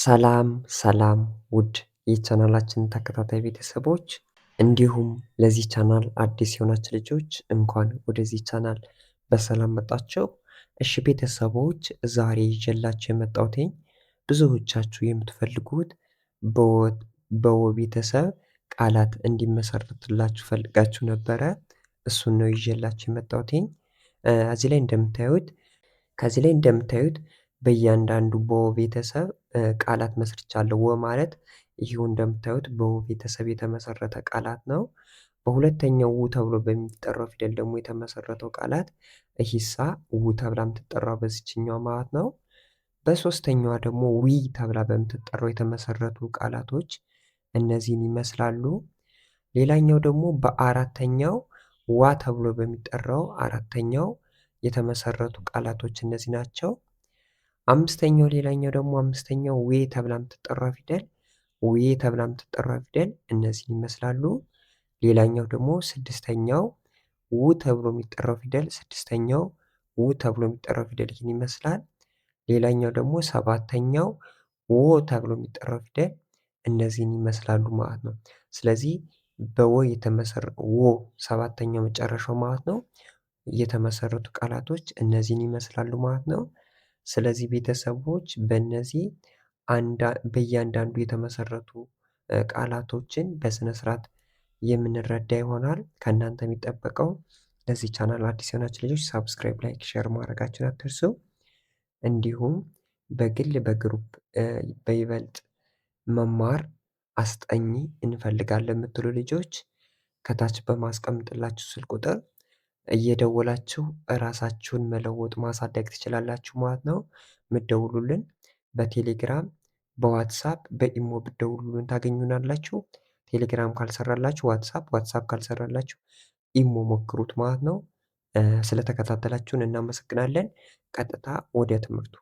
ሰላም ሰላም ውድ የቻናላችን ተከታታይ ቤተሰቦች እንዲሁም ለዚህ ቻናል አዲስ የሆናችሁ ልጆች እንኳን ወደዚህ ቻናል በሰላም መጣችሁ። እሺ ቤተሰቦች ዛሬ ይዤላችሁ የመጣሁት ብዙዎቻችሁ የምትፈልጉት በወ ቤተሰብ ቃላት እንዲመሰርትላችሁ ፈልጋችሁ ነበረ። እሱን ነው ይዤላችሁ የመጣሁት። እዚህ ላይ እንደምታዩት ከዚህ ላይ እንደምታዩት በእያንዳንዱ በወ ቤተሰብ ቃላት መስርቻለሁ። ወ ማለት ይህ እንደምታዩት በው ቤተሰብ የተመሰረተ ቃላት ነው። በሁለተኛው ው ተብሎ በሚጠራው ፊደል ደግሞ የተመሰረተው ቃላት እሂሳ ው ተብላ የምትጠራው በዚችኛው ማለት ነው። በሶስተኛዋ ደግሞ ዊ ተብላ በምትጠራው የተመሰረቱ ቃላቶች እነዚህን ይመስላሉ። ሌላኛው ደግሞ በአራተኛው ዋ ተብሎ በሚጠራው አራተኛው የተመሰረቱ ቃላቶች እነዚህ ናቸው። አምስተኛው ሌላኛው ደግሞ አምስተኛው ዌ ተብላ የምትጠራ ፊደል ዌ ተብላ የምትጠራ ፊደል እነዚህን ይመስላሉ። ሌላኛው ደግሞ ስድስተኛው ው ተብሎ የሚጠራው ፊደል ስድስተኛው ው ተብሎ የሚጠራው ፊደል ይህን ይመስላል። ሌላኛው ደግሞ ሰባተኛው ዎ ተብሎ የሚጠራው ፊደል እነዚህን ይመስላሉ ማለት ነው። ስለዚህ በወ የተመሰረ ዎ ሰባተኛው መጨረሻው ማለት ነው። የተመሰረቱ ቃላቶች እነዚህን ይመስላሉ ማለት ነው። ስለዚህ ቤተሰቦች በእነዚህ በእያንዳንዱ የተመሰረቱ ቃላቶችን በስነ ስርዓት የምንረዳ ይሆናል። ከእናንተ የሚጠበቀው ለዚህ ቻናል አዲስ የሆናችሁ ልጆች ሳብስክራይብ፣ ላይክ፣ ሼር ማድረጋችን አትርሱ። እንዲሁም በግል በግሩፕ በይበልጥ መማር አስጠኚ እንፈልጋለን የምትሉ ልጆች ከታች በማስቀምጥላችሁ ስልክ ቁጥር እየደወላችሁ ራሳችሁን መለወጥ ማሳደግ ትችላላችሁ ማለት ነው። ምደውሉልን በቴሌግራም በዋትሳፕ በኢሞ ብደውሉልን ታገኙናላችሁ። ቴሌግራም ካልሰራላችሁ ዋትሳፕ፣ ዋትሳፕ ካልሰራላችሁ ኢሞ ሞክሩት ማለት ነው። ስለተከታተላችሁን እናመሰግናለን። ቀጥታ ወደ ትምህርቱ።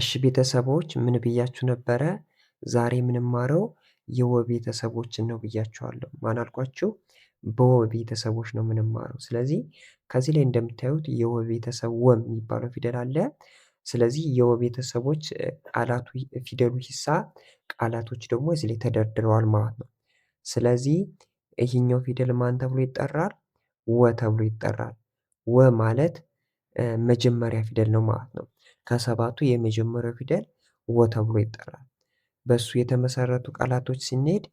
እሺ ቤተሰቦች ምን ብያችሁ ነበረ? ዛሬ የምንማረው የወ ቤተሰቦችን ነው ብያችኋለሁ። ማን አልኳችሁ? በወ ቤተሰቦች ነው የምንማረው። ስለዚህ ከዚህ ላይ እንደምታዩት የወ ቤተሰብ ወ የሚባለው ፊደል አለ። ስለዚህ የወ ቤተሰቦች ቃላቱ ፊደሉ ሂሳ ቃላቶች ደግሞ እዚህ ላይ ተደርድረዋል ማለት ነው። ስለዚህ ይህኛው ፊደል ማን ተብሎ ይጠራል? ወ ተብሎ ይጠራል። ወ ማለት መጀመሪያ ፊደል ነው ማለት ነው። ከሰባቱ የመጀመሪያው ፊደል ወ ተብሎ ይጠራል። በሱ የተመሰረቱ ቃላቶች ስንሄድ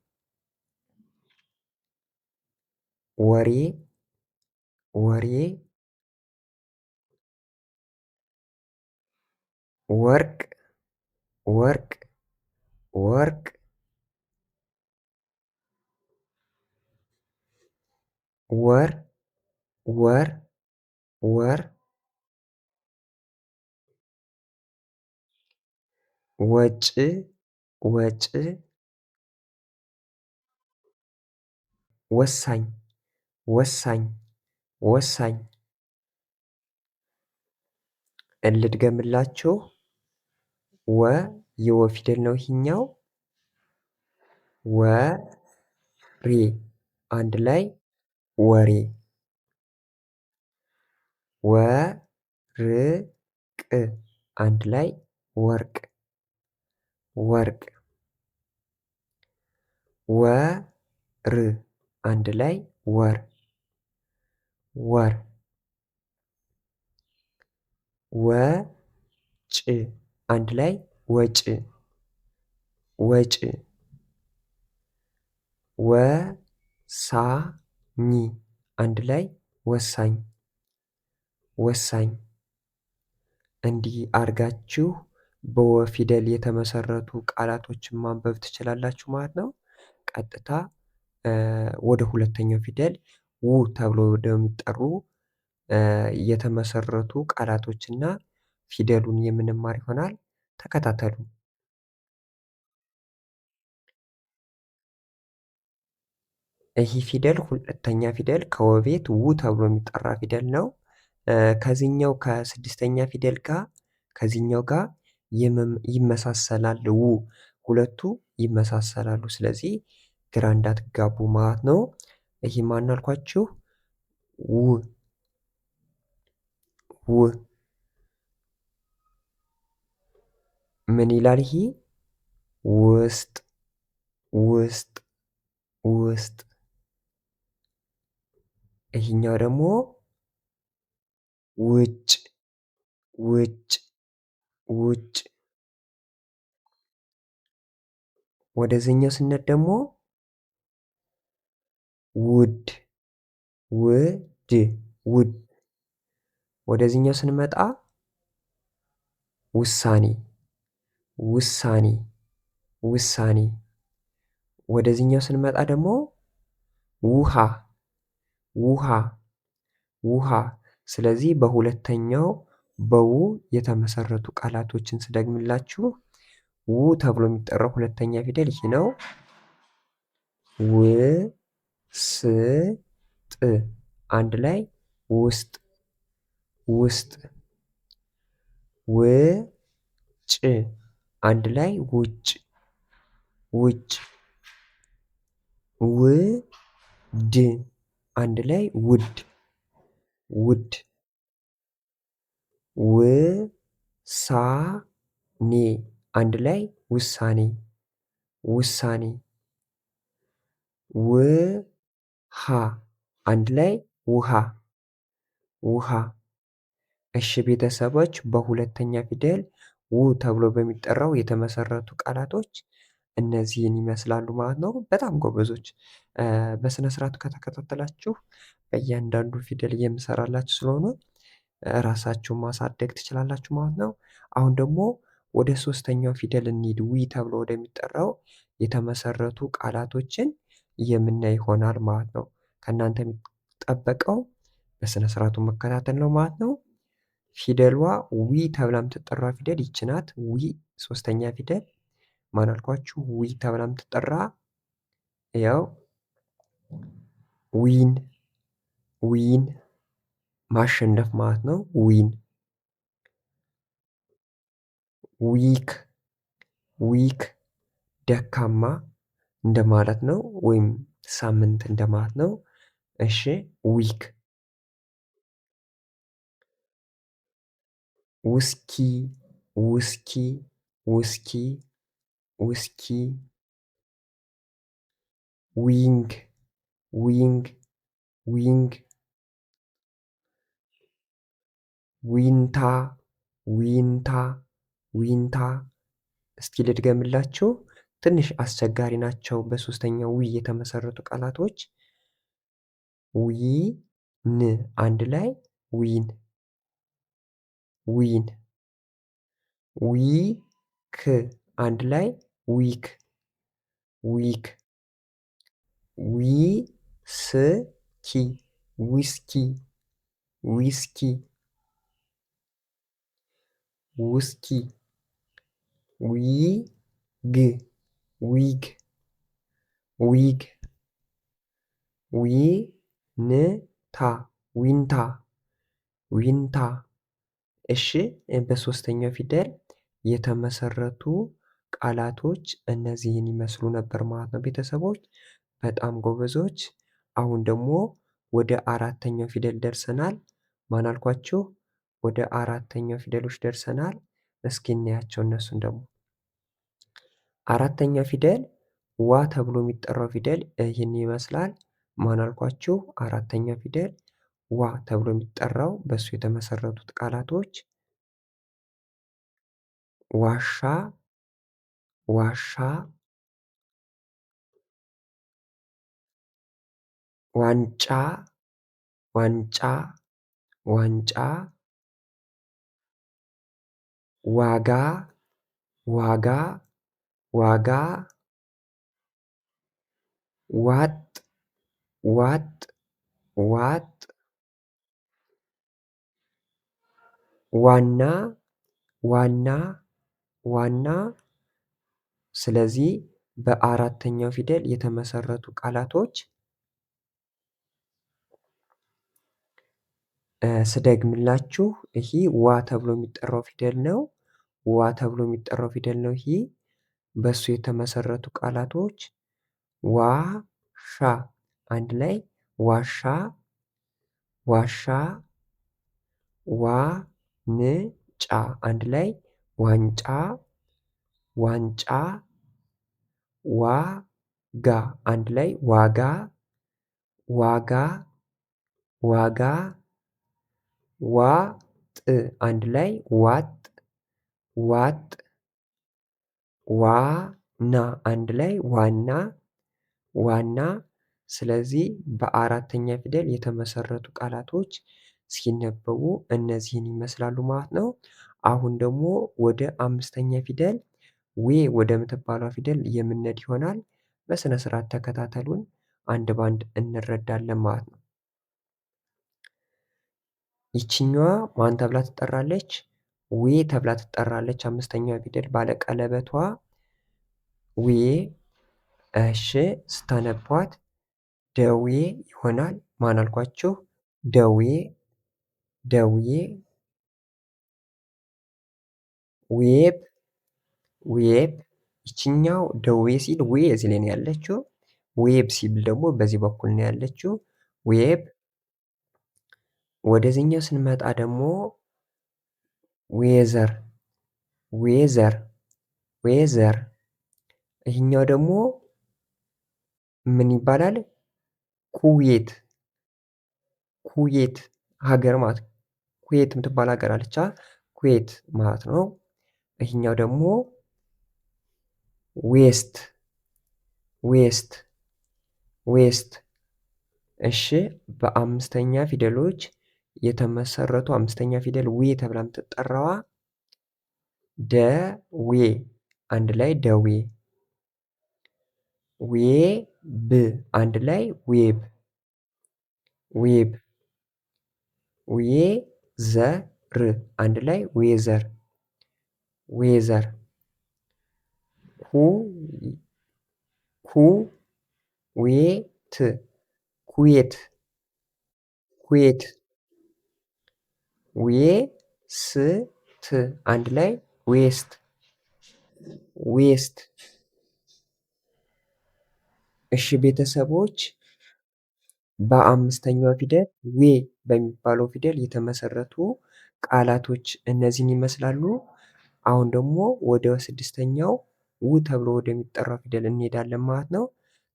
ወሬ ወሬ ወርቅ ወርቅ ወርቅ ወር ወር ወር ወጭ ወጭ ወሳኝ ወሳኝ ወሳኝ እንድገምላችሁ ወ የወ ፊደል ነው ይሄኛው። ወሬ አንድ ላይ ወሬ። ወርቅ አንድ ላይ ወርቅ ወርቅ። ወር አንድ ላይ ወር ወር ወጭ አንድ ላይ ወጭ ወጭ ወሳኝ አንድ ላይ ወሳኝ ወሳኝ እንዲህ አድርጋችሁ በወ ፊደል የተመሰረቱ ቃላቶችን ማንበብ ትችላላችሁ ማለት ነው። ቀጥታ ወደ ሁለተኛው ፊደል ው ተብሎ እንደሚጠሩ የተመሰረቱ ቃላቶችና ፊደሉን የምንማር ይሆናል። ተከታተሉ። ይህ ፊደል ሁለተኛ ፊደል ከወቤት ው ተብሎ የሚጠራ ፊደል ነው። ከዚህኛው ከስድስተኛ ፊደል ጋር ከዚህኛው ጋር ይመሳሰላል። ው ሁለቱ ይመሳሰላሉ። ስለዚህ ግራ እንዳትጋቡ ማለት ነው። ይሄ ማን አልኳችሁ? ው ው ምን ይላል ይሄ? ውስጥ ውስጥ ውስጥ። ይህኛው ደግሞ ውጭ ውጭ ውጭ። ወደዚህኛው ስነት ደግሞ ውድ ውድ ውድ ወደዚህኛው ስንመጣ ውሳኔ ውሳኔ ውሳኔ ወደዚህኛው ስንመጣ ደግሞ ውሃ ውሃ ውሃ። ስለዚህ በሁለተኛው በው የተመሰረቱ ቃላቶችን ስደግምላችሁ ው ተብሎ የሚጠራው ሁለተኛ ፊደል ይህ ነው። ው ስጥ አንድ ላይ ውስጥ ውስጥ ውጭ አንድ ላይ ውጭ ውጭ ውድ አንድ ላይ ውድ ውድ ውሳኔ አንድ ላይ ውሳኔ ውሳኔ ሀ አንድ ላይ ውሃ ውሃ። እሺ ቤተሰቦች በሁለተኛ ፊደል ው ተብሎ በሚጠራው የተመሰረቱ ቃላቶች እነዚህን ይመስላሉ ማለት ነው። በጣም ጎበዞች። በስነ ስርዓት ከተከታተላችሁ በእያንዳንዱ ፊደል የምሰራላችሁ ስለሆኑ ራሳችሁን ማሳደግ ትችላላችሁ ማለት ነው። አሁን ደግሞ ወደ ሶስተኛው ፊደል እንሂድ። ዊ ተብሎ ወደሚጠራው የተመሰረቱ ቃላቶችን የምናይ ይሆናል ማለት ነው። ከእናንተ የሚጠበቀው በስነ ስርዓቱ መከታተል ነው ማለት ነው። ፊደሏ ዊ ተብላ የምትጠራ ፊደል ይች ናት። ዊ ሶስተኛ ፊደል ማናልኳችሁ፣ ዊ ተብላ የምትጠራ ያው ዊን ዊን ማሸነፍ ማለት ነው። ዊን ዊክ ዊክ ደካማ እንደማለት ነው ወይም ሳምንት እንደማለት ነው። እሺ ዊክ ውስኪ ውስኪ ውስኪ ውስኪ ዊንግ ዊንግ ዊንግ ዊንታ ዊንታ ዊንታ እስኪ ልድገምላችሁ ትንሽ አስቸጋሪ ናቸው። በሶስተኛው ዊ የተመሰረቱ ቃላቶች ዊ ን አንድ ላይ ዊን ዊን ዊክ አንድ ላይ ዊክ ዊክ ዊስኪ ዊስኪ ዊስኪ ውስኪ ግ ዊግ ዊግ ዊንታ ዊንታ ዊንታ። እሺ በሶስተኛው ፊደል የተመሰረቱ ቃላቶች እነዚህን ይመስሉ ነበር ማለት ነው። ቤተሰቦች በጣም ጎበዞች። አሁን ደግሞ ወደ አራተኛው ፊደል ደርሰናል። ማን አልኳችሁ? ወደ አራተኛው ፊደሎች ደርሰናል። እስኪ እናያቸው እነሱን ደግሞ አራተኛ ፊደል ዋ ተብሎ የሚጠራው ፊደል ይህን ይመስላል። ማን አልኳችሁ? አራተኛ ፊደል ዋ ተብሎ የሚጠራው በእሱ የተመሰረቱት ቃላቶች ዋሻ፣ ዋሻ፣ ዋንጫ፣ ዋንጫ፣ ዋንጫ፣ ዋጋ፣ ዋጋ ዋጋ ዋጥ ዋጥ ዋጥ ዋና ዋና ዋና ስለዚህ በአራተኛው ፊደል የተመሰረቱ ቃላቶች ስደግምላችሁ ይሄ ዋ ተብሎ የሚጠራው ፊደል ነው። ዋ ተብሎ የሚጠራው ፊደል ነው ይሄ በሱ የተመሰረቱ ቃላቶች ዋሻ አንድ ላይ ዋሻ ዋሻ ዋንጫ አንድ ላይ ዋንጫ ዋንጫ ዋጋ አንድ ላይ ዋጋ ዋጋ ዋጋ ዋጥ አንድ ላይ ዋጥ ዋጥ ዋና አንድ ላይ ዋና ዋና ስለዚህ በአራተኛ ፊደል የተመሰረቱ ቃላቶች ሲነበቡ እነዚህን ይመስላሉ ማለት ነው። አሁን ደግሞ ወደ አምስተኛ ፊደል ዌ ወደምትባለው ፊደል የምነድ ይሆናል። በስነ ስርዓት ተከታተሉን አንድ በአንድ እንረዳለን ማለት ነው። ይችኛዋ ማን ተብላ ትጠራለች? ዌ ተብላ ትጠራለች። አምስተኛዋ ፊደል ባለቀለበቷ ዌ። እሺ ስታነቧት ደዌ ይሆናል። ማን አልኳችሁ? ደዌ ደዌ ዌብ ዌብ ይችኛው ደዌ ሲል ዌ እዚህ ላይ ነው ያለችው። ዌብ ሲል ደግሞ በዚህ በኩል ነው ያለችው። ዌብ ወደዚህኛው ስንመጣ ደግሞ ዌዘር ዌዘር ዌዘር ይህኛው ደግሞ ምን ይባላል? ኩዌት ኩዌት ሀገር ማለት ኩዌት የምትባል ሀገር አለቻ ኩዌት ማለት ነው። ይህኛው ደግሞ ዌስት ዌስት ዌስት። እሺ በአምስተኛ ፊደሎች የተመሰረቱ አምስተኛ ፊደል ዌ ተብላ የምትጠራዋ ደዌ አንድ ላይ ደዌ ብ አንድ ላይ ዌብ ዌብ ር አንድ ላይ ዌዘር ዌዘር ት ኩዌት ኩዌት ዌስት አንድ ላይ ዌስት ዌስት። እሺ ቤተሰቦች በአምስተኛው ፊደል ዌ በሚባለው ፊደል የተመሰረቱ ቃላቶች እነዚህን ይመስላሉ። አሁን ደግሞ ወደ ስድስተኛው ው ተብሎ ወደሚጠራው ፊደል እንሄዳለን ማለት ነው።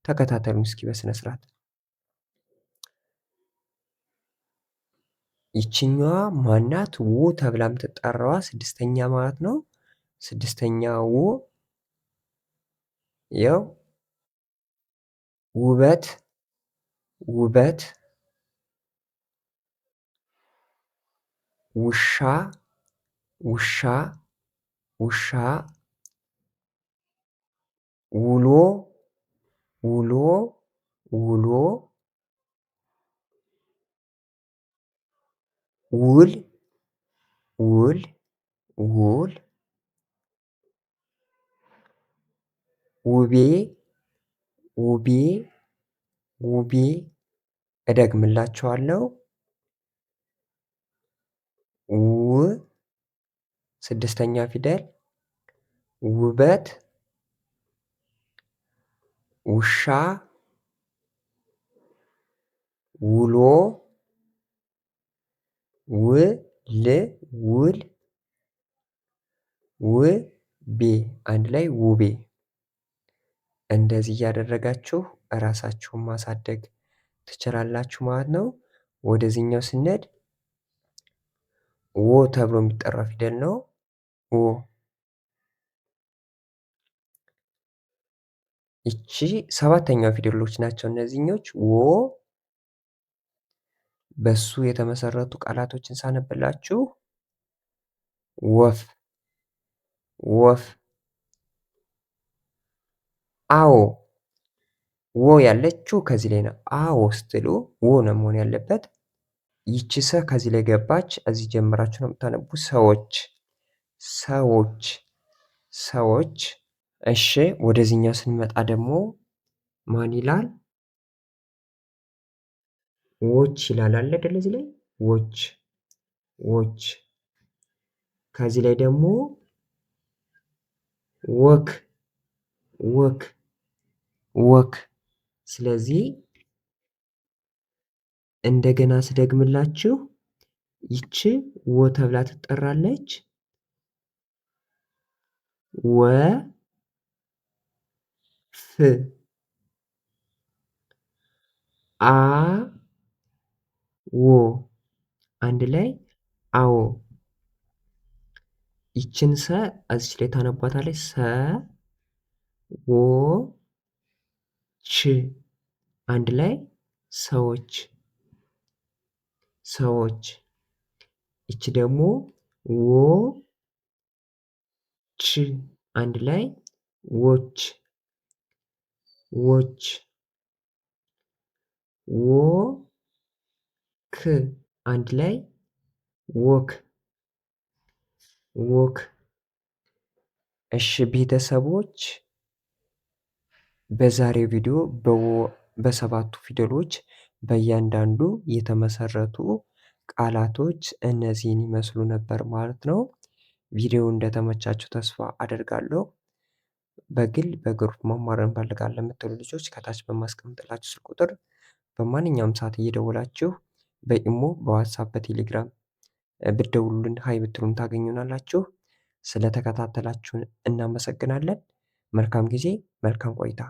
ተከታተሉን እስኪ በስነ ስርዓት ይችኛዋ ማናት ው ተብላ የምትጠራዋ ስድስተኛ ማለት ነው። ስድስተኛ ው ያው ውበት ውበት ውሻ ውሻ ውሻ ውሎ ውሎ ውሎ ውል ውል ውል ውቤ ውቤ ውቤ እደግምላችኋለሁ ው ስድስተኛ ፊደል ውበት ውሻ ውሎ ውል ውል ውቤ አንድ ላይ ውቤ። እንደዚህ እያደረጋችሁ እራሳችሁን ማሳደግ ትችላላችሁ ማለት ነው። ወደዚህኛው ስንሄድ ዎ ተብሎ የሚጠራው ፊደል ነው። ዎ ይቺ ሰባተኛው ፊደሎች ናቸው እነዚህኞች። ዎ በሱ የተመሰረቱ ቃላቶችን ሳነብላችሁ ወፍ ወፍ አዎ ወ ያለችው ከዚህ ላይ ነው። አዎ ስትሉ ወ ነው መሆን ያለበት። ይቺ ሰ ከዚህ ላይ ገባች። እዚህ ጀምራችሁ ነው የምታነቡ። ሰዎች ሰዎች ሰዎች። እሺ ወደዚህኛው ስንመጣ ደግሞ ማን ይላል? ዎች ይላል አለ አይደል እዚህ ላይ ዎች ዎች ከዚህ ላይ ደግሞ ወክ ወክ ወክ ስለዚህ እንደገና ስደግምላችሁ ይቺ ወ ተብላ ትጠራለች። ወ ፍ አ ዎ አንድ ላይ አዎ ይችን ሰ እዚች ላይ ታነቧታለች። ሰ ወ ች አንድ ላይ ሰዎች ሰዎች። ይች ደግሞ ወ ች አንድ ላይ ዎች ዎች። ወ ክ አንድ ላይ ወክ ወክ። እሺ ቤተሰቦች በዛሬው ቪዲዮ በወ በሰባቱ ፊደሎች በእያንዳንዱ የተመሰረቱ ቃላቶች እነዚህን ይመስሉ ነበር ማለት ነው። ቪዲዮ እንደተመቻችሁ ተስፋ አደርጋለሁ። በግል በግሩፕ መማር እንፈልጋለን ምትሉ ልጆች ከታች በማስቀምጥላችሁ ስልክ ቁጥር በማንኛውም ሰዓት እየደወላችሁ በኢሞ በዋትሳፕ በቴሌግራም ብደውሉን ሀይ ብትሉን ታገኙናላችሁ። ስለተከታተላችሁን እናመሰግናለን። መልካም ጊዜ፣ መልካም ቆይታ